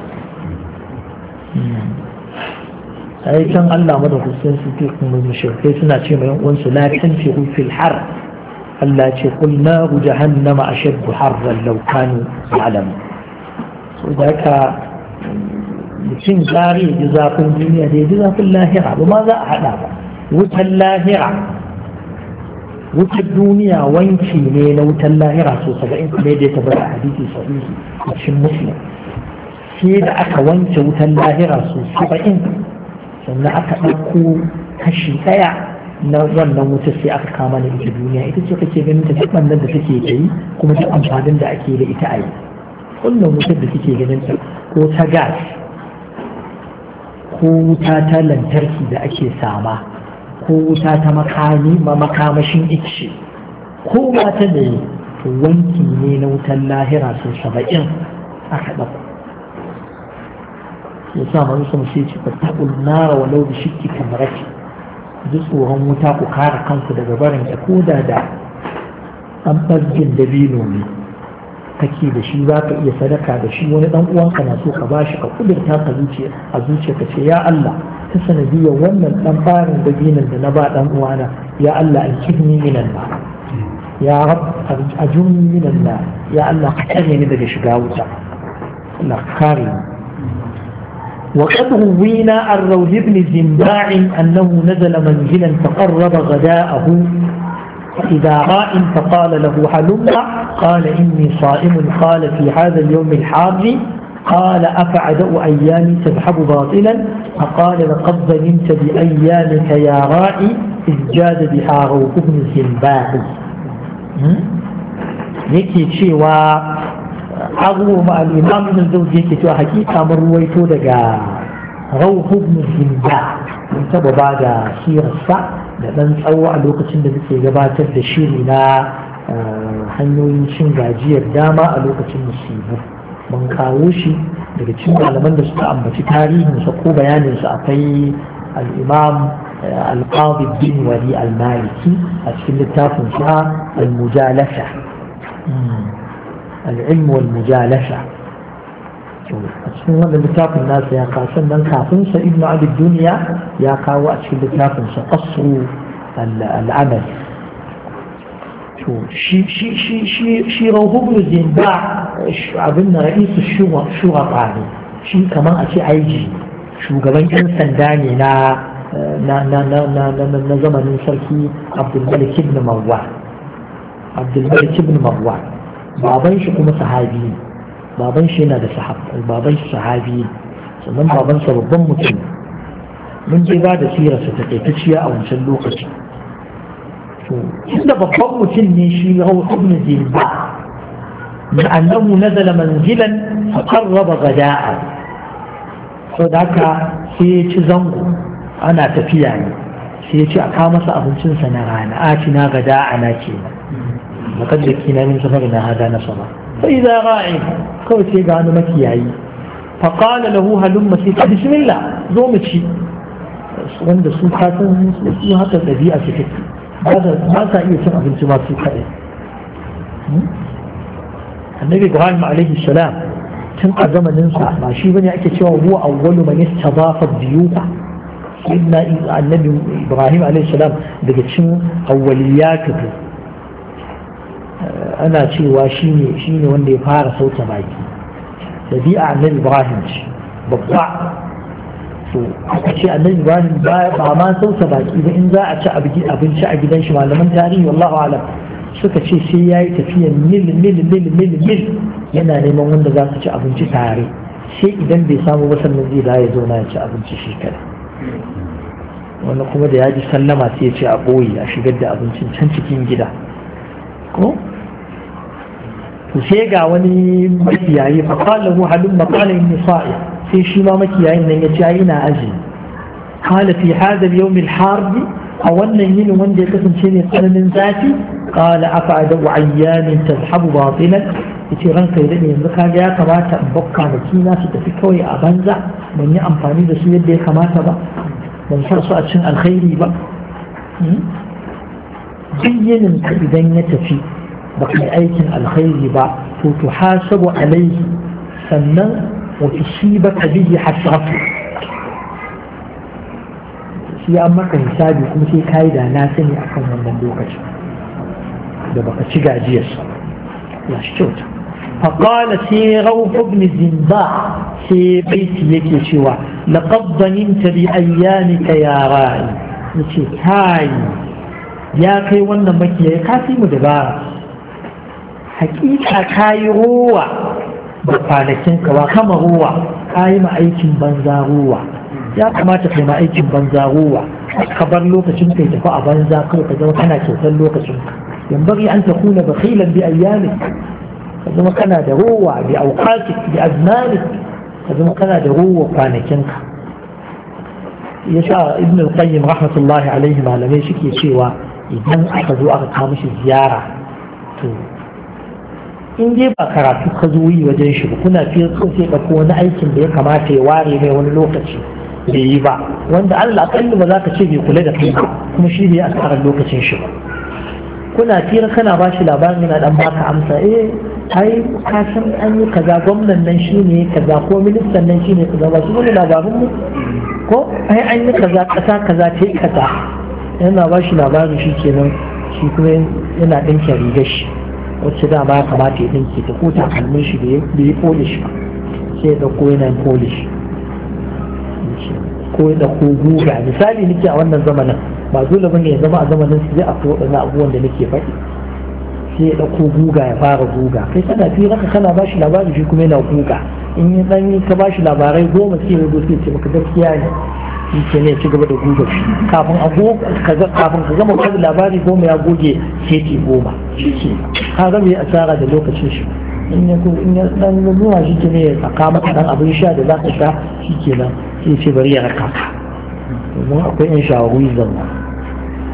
ai kan Allah madaukakin sarki kuma mushrikai suna ce mai uwan su la tanfiru fil har Allah ce qul naru jahannama ashaddu harran law kanu ya'lamu so da ka mutum tsari ji zafin duniya da ji zafin lahira ba ma za a hada ba wutan lahira wutar duniya wanki ne na wutan lahira so saba'in kuma da ya tabbata a hadisi sahihi a cikin muslim sai da aka wanke wutan lahira so saba'in sannan aka ɗauko kashi ɗaya na wannan wuta sai aka kama da ita duniya ita ce kake ganin ta duk wannan da take da yi kuma duk amfanin da ake da ita a yi wannan wutar da take ganin ta ko ta gas ko wuta ta lantarki da ake sama ko wuta ta makami ma makamashin ice ko ma ta da wanki ne na wutan lahira sau saba'in aka ɗauko ya sa manzo sun sai ce fatakul nara walau bi shikki kamrati ji tsoron wuta ku kare kanku daga barin ta Ko da an barjin dabino ne kake da shi za ka iya sadaka da shi wani dan uwanka na so ka bashi ka kudurta ka zuciya a zuciya ka ce ya Allah ta sanadiyar wannan dan barin dabinan da na ba dan uwana ya Allah an kidni minan ba ya rab ajum minan na ya Allah ka tsare ni daga shiga wuta Allah kare ni وقد روينا عن روح بن زنباع أنه نزل منزلا فقرب غداءه فإذا راء فقال له هلم قال إني صائم قال في هذا اليوم الحار قال أفعدأ أيامي تذهب باطلا فقال لقد ظلمت بأيامك يا رائي إذ جاد بها روح بن زنباع يكي شيء abubuwa al'imam ibn zauji yake cewa hakika mun ruwaito daga rauhu ibn zinda mun taba ba da shirarsa da ɗan tsawo a lokacin da muke gabatar da shiri na eh, hanyoyin cin gajiyar dama a lokacin musibu mun kawo shi daga cikin malaman da suka ambaci tarihinsa ko bayaninsa akwai al'imam القاضي eh, a cikin littafin أشكل التافن المجالسة al'ilm wal mujalasa a cikin wanda littafin nasa ya kawo sannan kafin sa ibn duniya ya kawo a cikin littafin sa qasru al'adar. to shi shi abin na ra'isu shugaba ne shi kamar a ce aiji shugaban yan sanda ne na na zamanin sarki abdulmalik ibn marwa baban shi kuma sahabi ne baban shi yana da sahabi baban shi sahabi ne sannan baban sa babban mun je ba da sirar sa takaitacciya a wancan lokaci to inda babban mutum ne shi ya hau ibn jilba min annahu nazala manzilan fa qarraba ghadaa ko da ka sai ya ci zango ana tafiya ne sai ya ci a ka masa abincinsa na rana a na gada a na ke لقد لكينا من سفرنا هذا نصبا فإذا راعي كوي سيقى عنه مكياي فقال له هلم سيقى zo mu ci. wanda su katon su haka ɗabi'a su take ba iya cin abinci ba su kaɗai annabi ibrahim alaihi salam tun a zamanin sa ba shi bane ake cewa huwa awwalu man istadafa diyuka inna annabi ibrahim alaihi salam daga cin awwaliyatu ana cewa shi ne wanda ya fara sauta baki dabi'a annabi ibrahim ce babba to aka ce a ibrahim ba ma sauta baki ba in za a ci abinci a gidan shi malaman tarihi wallahu alam suka ce sai ya yi tafiya mil mil mil mil mil yana neman wanda za su ci abinci tare sai idan bai samu ba sannan zai da ya zauna ya ci abinci shi kada wani kuma da ya ji sallama sai ya ce a ɓoye a shigar da abincin can cikin gida ko sai ga wani makiyayi fa qala hu halum maqala inni sa'im sai shi ma makiyayin nan ya ce ai ina aji kala fi hadha al-yawm al-harb a wannan yini wanda ya kasance ne tsananin zafi qala afa'ada wa ayyamin tazhabu batinak yace ranka ya dade yanzu kaga ya kamata in bakka da kina su tafi kawai a banza ban yi amfani da su yadda ya kamata ba ban sa su a cin alkhairi ba duk yinin ka idan ya tafi بقي أيكن الخير با فتحاسب عليه سنة وتصيبك به حسرته sai an maka hisabi kuma sai kayi da na sani akan wannan lokacin da baka ci gajiyarsa ya shi kyauta فقال سيغوف بن زنباع في بيت يكي شوى لقد ظننت بأيامك يا رائي يكي هاي يا كي وانا مكي يا كاسي hakika ka yi ruwa da kwanakin ba kama ruwa ka yi aikin banza ruwa ya kamata kai aikin banza ruwa ka bar lokacin kai tafi a banza kawai ka zama kana kyautar lokacin ka yambari an takuna bakhilan bi ayyamik ka zama kana da ruwa bi auqatik bi ka zama kana da ruwa kwanakin ka yasa ibn al-qayyim rahmatullahi alaihi malamai suke cewa idan aka zo aka kawo mishi ziyara to in dai ba karatu ka zo yi wajen shi kuna fiye so sai ka wani aikin da ya kamata ya ware mai wani lokaci bai yi ba wanda allah akalli ba za ka ce bai kula da kai kuma shi bai asarar lokacin shi ba kuna fira kana ba shi labarin yana dan baka amsa eh ai ka san an yi kaza gwamnan nan shi ne kaza ko ministan nan shi ne kaza ba shi wani labarin mu ko ai an yi kaza kasa kaza ce kaza yana ba shi labarin shi kenan shi kuma yana ɗinke rigar shi wacce dama ba kamata ya ɗinke ta ko takalmin shi da ya polish ba sai da ko yana polish ko da ko guga misali nake a wannan zamanin ba dole bane ya zama a zamanin su zai akwai waɗannan abubuwan da nake faɗi sai ya ɗauko guga ya fara guga kai kana fi raka kana ba shi labari shi kuma yana guga in yi ɗan ka ba shi labarai goma sai ya zo sai ce maka gaskiya ne shi ke ne ci gaba da guga shi kafin a goge kafin ka gama kwazi labari goma ya goge keke goma shi ke ka gama yi asara da lokacin shi in ya dan nuna shi ke ne ya saka maka dan abin sha da za ka sha shi ke nan sai ce bari ya raka ka domin akwai yan shawarwi zanna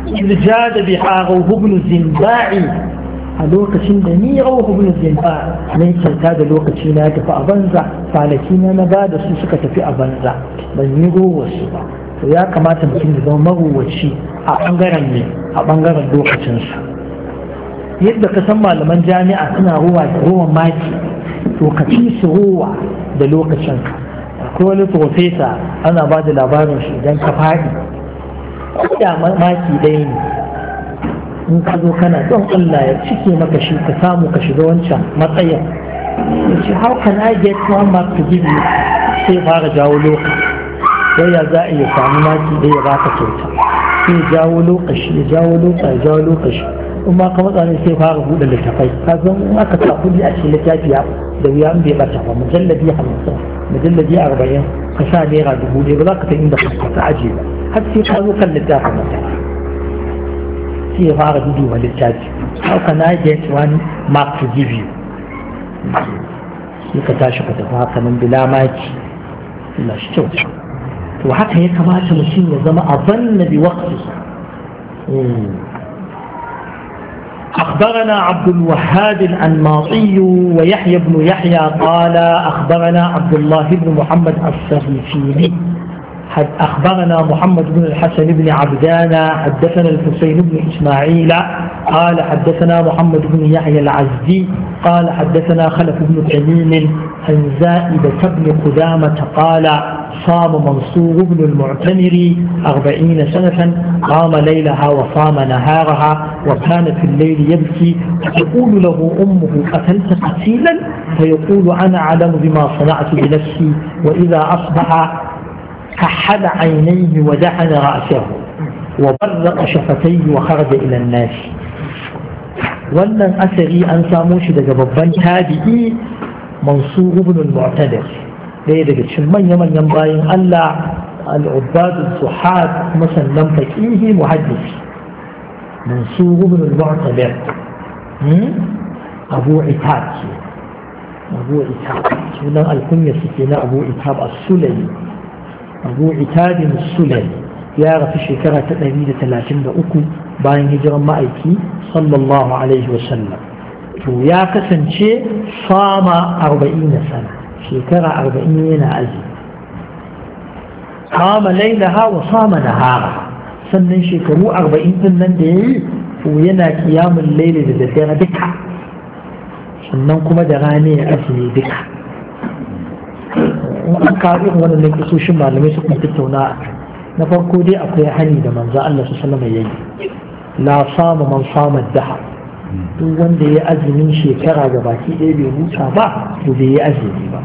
irja da bi harahu ibn zimba'i a lokacin da ni rahu ibn zimba'i ne kyauta da lokaci na tafi a banza kwanaki na na ba da su suka tafi a banza ban yi ruwarsu ba to ya kamata mutum ya zama maruwaci a ɓangaren ne a ɓangaren lokacinsu yadda ka san malaman jami'a suna ruwa da ruwan maki to su ruwa da lokacinka akwai wani profesa ana ba da labarin shi idan ka faɗi ko da maki ɗaya ne in ka zo kana don Allah ya cike maka shi ka samu ka shiga wancan matsayin ya how can I get one mark to give you sai fara jawo lokacin yaya za a iya samu maki da ya baka kyauta sai ya jawo lokaci ya jawo lokaci ya jawo lokaci in ma ka matsa ne sai fara buɗe littafai ka san in aka sa kuɗi a cikin littafi da wuya in bai bata ba mujallabi hamsin mujallabi arba'in ka sa naira dubu ɗaya ba za ka san inda ka ta aje ba har sai ka zo kan littafin mata sai ya fara duduwa littafi how can I get one mark to give you sai ka tashi ka tafi haka nan bila maki Allah shi kyauta to haka ya kamata mutum ya zama a bi waqti أخبرنا عبد الوهاب الأنماطي ويحيى بن يحيى قال أخبرنا عبد الله بن محمد السهيفيني حد أخبرنا محمد بن الحسن بن عبدانا حدثنا الحسين بن إسماعيل قال حدثنا محمد بن يحيى العزدي قال حدثنا خلف بن تميم عن زائدة بن قدامة قال صام منصور بن المعتمر أربعين سنة قام ليلها وصام نهارها وكان في الليل يبكي تقول له أمه قتلت قتيلا فيقول أنا أعلم بما صنعت بنفسي وإذا أصبح كحل عينيه ودحن رأسه وبرق شفتيه وخرج إلى الناس ولن أسري أن ساموش دقى ببان هادئ منصور بن المعتذر ليه دقى من ينبغي ينضاين ألا العباد الصحاب مثلا لم تكيه محدث منصور بن المعتذر أبو عتاب أبو عتاب هنا الكنية سكينة أبو عتاب السليم abu itadin sulai ya rafi shekara ta 133 bayan hijiran ma'aiki sallallahu alaihi wasallam to ya kasance fama 40 sana shekara 40 yana azumi kama lailaha wa sama nahara sannan shekaru 40 din nan da yayi to yana kiyamun laili da daddare duka sannan kuma da rane ya azumi duka an kawo irin wannan ne kusoshin malamai su kuma tattauna na farko dai akwai hani da manzo Allah su sallama yayi la sama man sama daha duk wanda ya azumin shekara ga baki ɗaya bai huta ba to bai yi azumi ba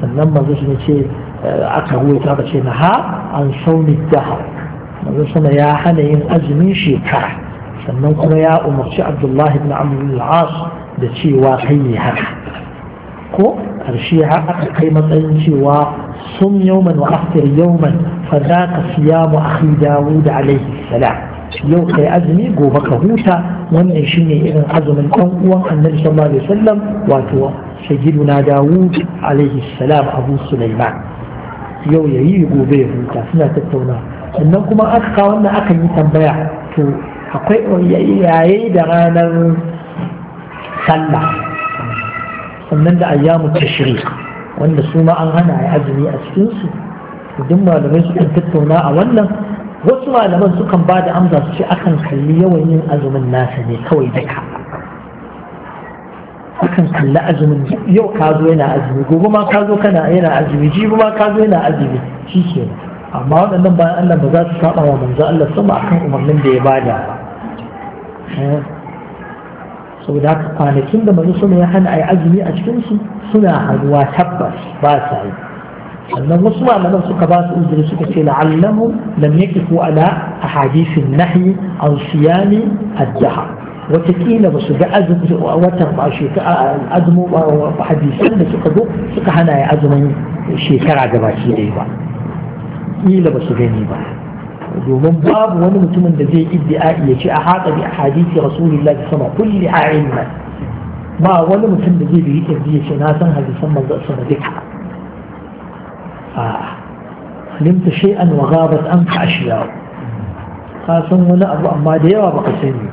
sannan manzo su ce eh, aka ruwaita ka ce na ha an sauni daha manzo sama ya hana yin azumin shekara sannan kuma ya umarci Abdullahi ibn Amr al-As da cewa kai ne haka ko karshe har aka kai matsayin cewa sun yawman wa aftir yawman fa za ka siya mu akhi dawud alaihi salam yau kai azumi gobe ka huta wannan shine irin azumin ɗan uwan annabi sallallahu alaihi wasallam wato sayyiduna dawud alaihi salam abu sulaiman yau yayi gobe ya huta suna tattauna sannan kuma aka kawo wannan akan yi tambaya to akwai yayi da ranar sallah sannan da ayyamu tashrik wanda su ma an hana ya azumi a cikin su duk malamai sukan tattauna a wannan wasu malaman sukan ba da amsa su ce akan kalli yawan yin azumin nasa ne kawai duka akan kalli azumin yau ka zo yana azumi gobe ma ka zo kana yana azumi jibi ma ka zo yana azumi shi ke amma waɗannan bayan Allah ba za su saba wa manzo Allah sama akan umarnin da ya bada ba saboda haka kwanakin da manzo suna ya hana a yi azumi a cikinsu suna hannuwa tabbas ba sa yi sannan wasu malaman suka ba su uzuri suka ce la'allahu lam ko ala a hadisin nahyi an siyami ad watakila ba su ga azumi watan ba shekara azumi ba hadisan da suka zo suka hana ya azumin shekara gabaki ɗaya ba kila ba su gani ba domin babu wani mutumin da zai iddi'a'i ya ce a haɗa da a hadisi rasulullahi sama kulli a ilman ba wani mutum da zai bi kirji ya ce na san hadisan manzo sama duka a limta shay'an wa ghabat anka ashiya ka san wani abu amma da yawa baka sani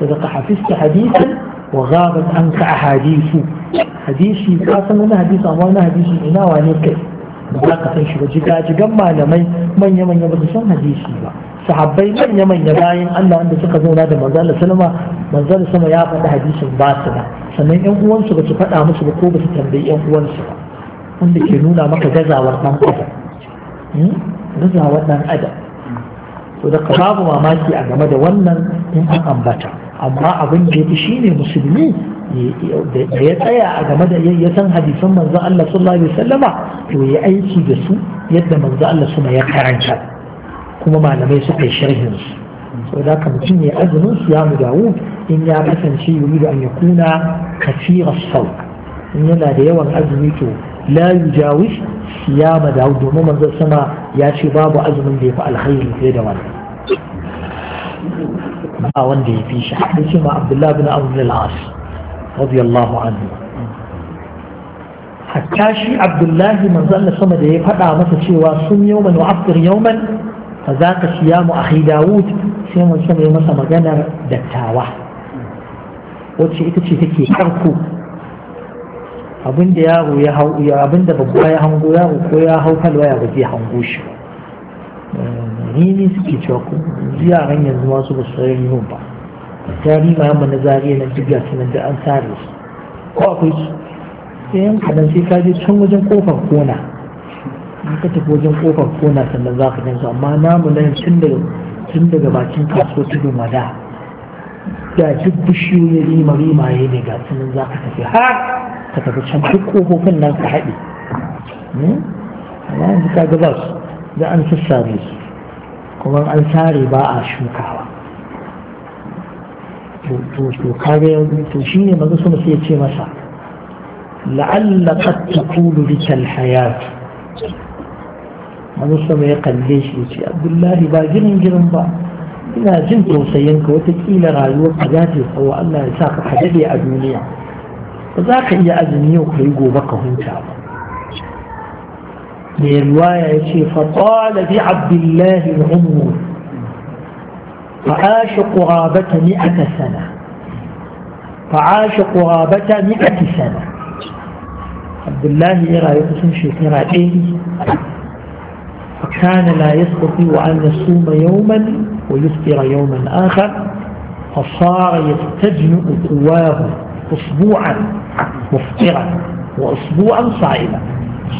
sadaka hafista hadisan wa ghabat anka ahadisu hadisi ka san wani hadisi amma wani hadisi ina wane kai ba za ka san shi ba jigajigan malamai manya-manya ba su san hadisi ba sahabbai manya-manya bayan Allah wanda suka zauna da manzala salama manzala sama ya faɗi hadisin ba su ba sannan yan uwansu ba su faɗa musu ba ko ba su tambayi yan uwansu ba wanda ke nuna maka gazawar ɗan adam hmm? gazawar adam to da ka babu mamaki a game da wannan in an ambata amma abin da ya fi shine musulmi da ya tsaya a game da ya san hadisan manzo Allah sallallahu alaihi wasallama to ya aiki da su yadda manzo Allah suma ya karanta kuma malamai suka yi sharhin su saboda da mutum ya azumin su ya mudawu in ya kasance yuridu an yakuna kasira sau in yana da yawan azumi to la yujawis ya madawu domin manzo sama ya ce babu azumin da ya fi alhairi fiye da wannan ba wanda ya fi shi hadisi ma Abdullahi bin Abdullahi. As radiyallahu anhu hatta shi abdullahi manzo Allah sama da ya faɗa masa cewa sun yawman wa aftir yawman fa za ka siya mu akhi dawud sai mun sama masa maganar dattawa wacce ita ce take karko abinda babba ya hango yaro ko ya hau kalwaya ba zai hango shi ni ne suke cewa yaran yanzu masu basu sayan yau ba jarima yamma na zariya na duk gasu da an sare su ko akwai su sai yan kadan sai ka je can wajen kofar kona in ka tafi wajen kofar kona sannan za ka gansu amma namu nan tun daga tun daga bakin kasuwa tudun wada da duk bishiyoyi rima yi ne ga tunan za ka tafi har ka tafi can duk kofofin nan ka haɗe hmm? amma yanzu ka gaba su da an sassare su kuma an sare ba a shukawa to kage to shi ne mazu suna sai ce masa la'alla qad taqulu bika alhayat mazu sama ya kalle shi ya ce abdullahi ba girin girin ba ina jin tausayin ka watakila rayuwar ka za ta tsawo Allah ya sa ka ka dade a duniya ba za ka iya azumi yau ka yi gobe ka huta ba mai ruwaya ya ce fa qala bi abdullahi ummu فعاش قرابة مئة سنة فعاش قرابة مئة سنة عبد الله يرى يقسم شكرا إيه فكان لا يستطيع أن يصوم يوما ويفطر يوما آخر فصار يستجمع قواه أسبوعا مفطرا وأسبوعا صائما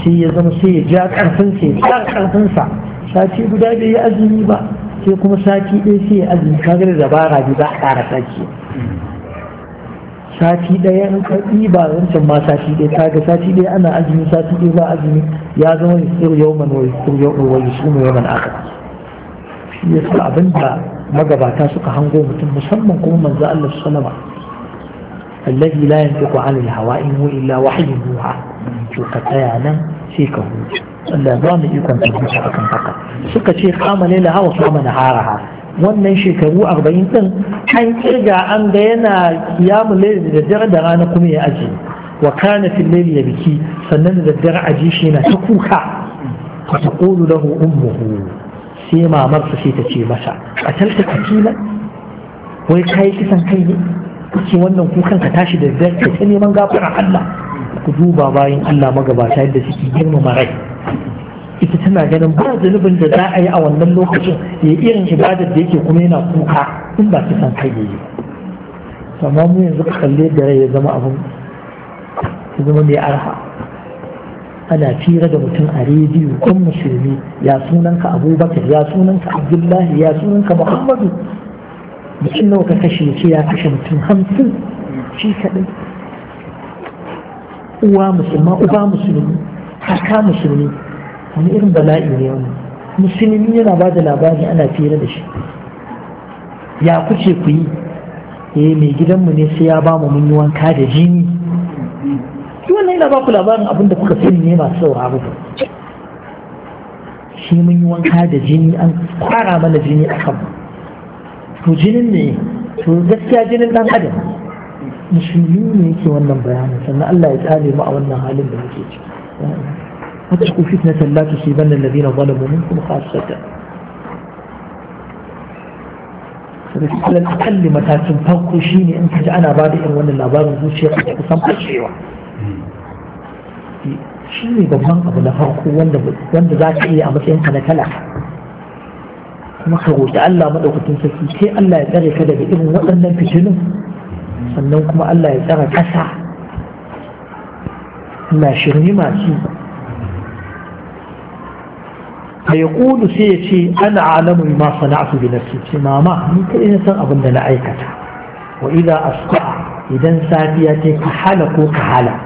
سيزن سيجاك أرفن سيجاك أرفن سا ساتي بداية أزمي بقى sai kuma sati ɗaya sai ya azumi kaga da ba Rabi za a ƙara sati sati ɗaya in ka ɗiba wancan ma sati ɗaya kaga sati ɗaya ana azumi sati ɗaya ba azumi ya zama yusur yawman wa yusur yawman wa yusur yawman akhar shi yasa abin da magabata suka hango mutum musamman kuma manzo Allah sallama alladhi la yantiqu 'anil hawa in huwa illa wahyun yuha to ka tsaya nan sai ka huta Allah ba mu ikon tabbata kan haka suka ce kama laila hawa kama haraha. wannan shekaru arba'in din an kirga an ga yana kiyamu laili da dare da rana kuma ya aji wa kana fil laili ya biki sannan da daddare aji shi yana ta kuka fa taqulu lahu ummuhu sai mamarsa sai ta ce masa qatalta katila wai kai kisan kai ne kuke wannan kukan ka tashi da daddare ka neman gafara Allah ku duba bayan Allah magabata yadda suke girmama rai ita tana ganin ba zunubin da za a yi a wannan lokacin ya irin ibadar da yake kuma yana kuka in ba su san kai yayi amma mu yanzu ka kalle da ya zama abin ya zama mai arha ana fira da mutum a rediyo kan musulmi ya sunanka abubakar ya sunanka abdullahi ya sunanka muhammadu mutum nawa ka kashe ce ya kashe mutum hamsin shi kaɗai uwa musulma uba musulmi haka musulmi wani irin bala'i ne wani musulmi yana ba da labari ana fira da shi ya kuce ku yi eh mai gidanmu ne sai ya ba mu mun yi wanka da jini duk wannan yana ba ku labarin abin da kuka sani ne masu sauraro ba shi mun yi wanka da jini an kwara mana jini a kan to jinin ne to gaskiya jinin dan adam musulmi ne yake wannan bayanin sannan Allah ya tsare mu a wannan halin da muke ciki واتقوا فتنة لا تصيبن الذين ظلموا منكم خاصة على الأقل متى تنفق أنت أنا بعد وأن الأبار zuciya a kusan fashewa shi ne babban abu na farko wanda za ka iya a matsayin ka na kala. kuma ka roƙi Allah maɗaukacin sarki sai Allah ya tsare ka daga irin waɗannan fitinin sannan kuma Allah ya tsara ƙasa Allah shirme masu فيقول سيتي أنا عالم ما صنعت بنفسي ماما أنت إنسان أظن لا أيكتا وإذا أصبح إذا سافيتي كحلق كحلق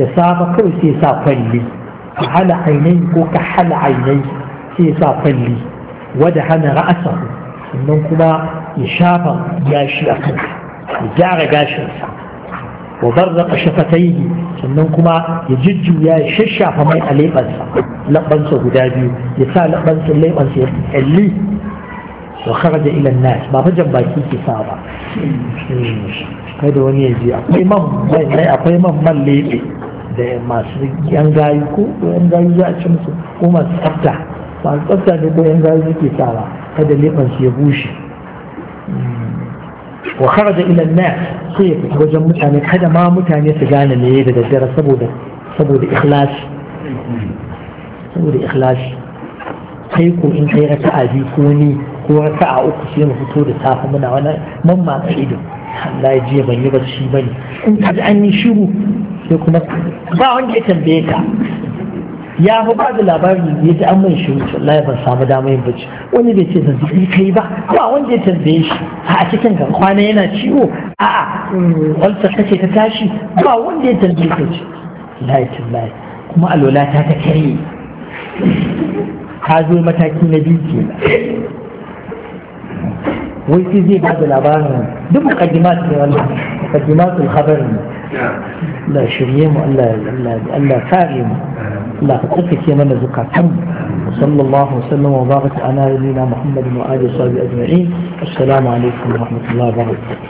دسابة كو سيسا فلي كحل عيني كو كحل عيني سيسا فلي ودهن رأسه إنكما يشافى جاشي أكل يجار جاشي أكل وبرق شفتيه sannan kuma ya jujjuya ya shashafa mai a leɓansa laɓansa guda biyu ya sa laɓansa leɓansa ya tsalli wa kharaja ila nas ba fa baki ke sa ba kai da wani yaji akwai man mai akwai man man lebe da masu yan gayu ko yan gayu za a ci musu ko masu tsafta masu tsafta ne ko yan gayu suke sa ba kada leɓansu ya bushe hmm. wa kharaja ila an-nas sai ya fita wajen mutane kada ma mutane su gane me da daddare saboda saboda ikhlasi saboda kai ko in kai raka'a biyu ko ni ko raka'a uku sai mu fito da safe muna wani mamma ido Allah ya jiya ban yi bacci bane in ka an yi shiru sai kuma ba wanda ya tambaye ka ya fi ba da labari ya ji an mai shi wuce wallahi ban samu damar yin bacci wani bai ce zazzabi kai ba ba wanda ya tambaye shi a cikin kwana yana ciwo a a walta ce ta tashi ba wanda ya tambaye ka ce lahi lai kuma alola ta ta kare ka zo mataki na biyu ke wai sai zai ba da labarin duk mukaddimat ne mukaddimatul khabari نعم. لا شريم وألا لا فارم لا تقفك يا من زكاة وصلى الله وسلم وبارك على نبينا محمد وآله وصحبه أجمعين السلام عليكم ورحمة الله وبركاته